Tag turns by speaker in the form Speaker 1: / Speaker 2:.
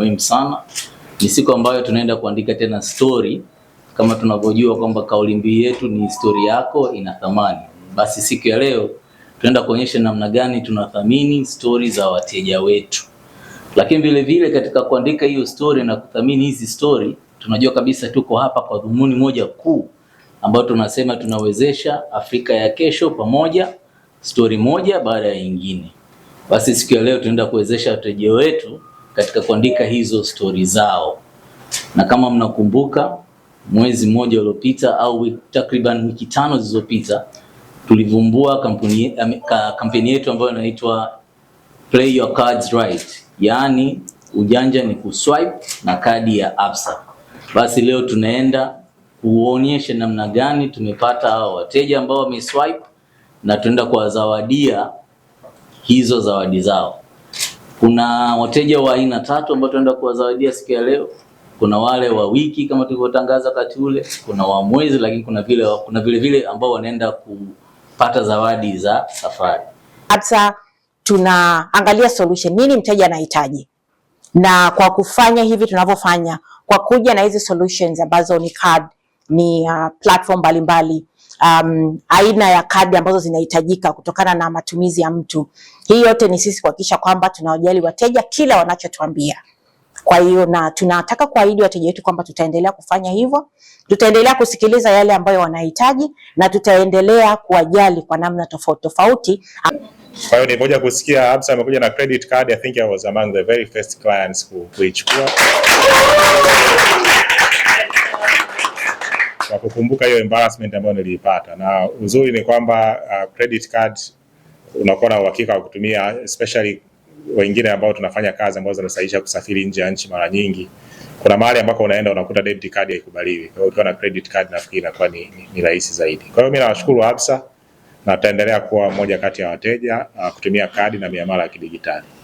Speaker 1: Muhimu sana ni siku ambayo tunaenda kuandika tena stori. Kama tunavyojua kwamba kauli mbiu yetu ni stori yako ina thamani, basi siku ya leo tunaenda kuonyesha namna gani tunathamini story za wateja wetu, lakini vile vile katika kuandika hiyo story na kuthamini hizi story, tunajua kabisa tuko hapa kwa dhumuni moja kuu, ambayo tunasema tunawezesha Afrika ya kesho pamoja, story moja baada ya nyingine. Basi siku ya leo tunaenda kuwezesha wateja wetu katika kuandika hizo stori zao, na kama mnakumbuka mwezi mmoja uliopita au takriban wiki tano zilizopita tulivumbua kampuni, kampeni yetu ambayo inaitwa Play Your Cards Right, yaani ujanja ni kuswipe na kadi ya Absa. Basi leo tunaenda kuonyesha namna gani tumepata hao wateja ambao wameswipe na tunaenda kuwazawadia hizo zawadi zao. Kuna wateja wa aina tatu ambao tunaenda kuwazawadia siku ya leo. Kuna wale wa wiki kama tulivyotangaza wakati ule, kuna wa mwezi, lakini kuna vile kuna vile vile ambao wanaenda kupata zawadi za safari.
Speaker 2: Hata tunaangalia solution, nini mteja anahitaji, na kwa kufanya hivi tunavyofanya, kwa kuja na hizi solutions ambazo ni card, ni uh, platform mbalimbali um, aina ya kadi ambazo zinahitajika kutokana na matumizi ya mtu. Hii yote ni sisi kuhakikisha kwamba tunawajali wateja kila wanachotuambia. Kwa hiyo na tunataka kuahidi wateja wetu kwamba tutaendelea kufanya hivyo, tutaendelea kusikiliza yale ambayo wanahitaji na tutaendelea kuwajali kwa namna tofauti tofauti.
Speaker 3: Kwa hiyo nilikuja kusikia Hamsa amekuja na credit card. I think I was among the very first clients who kuichukua kukumbuka hiyo embarrassment ambayo niliipata, na uzuri ni kwamba uh, credit card unakuwa na uhakika wa kutumia especially wengine ambao tunafanya kazi ambazo zinasaidia kusafiri nje ya nchi. Mara nyingi kuna mahali ambako unaenda unakuta debit card haikubaliwi. Kwa hiyo ukiwa na credit card nafikiri inakuwa ni, ni, ni rahisi zaidi. Kwa hiyo mimi nawashukuru Absa na tutaendelea kuwa moja kati ya wateja uh, kutumia kadi na miamala ya kidigitali.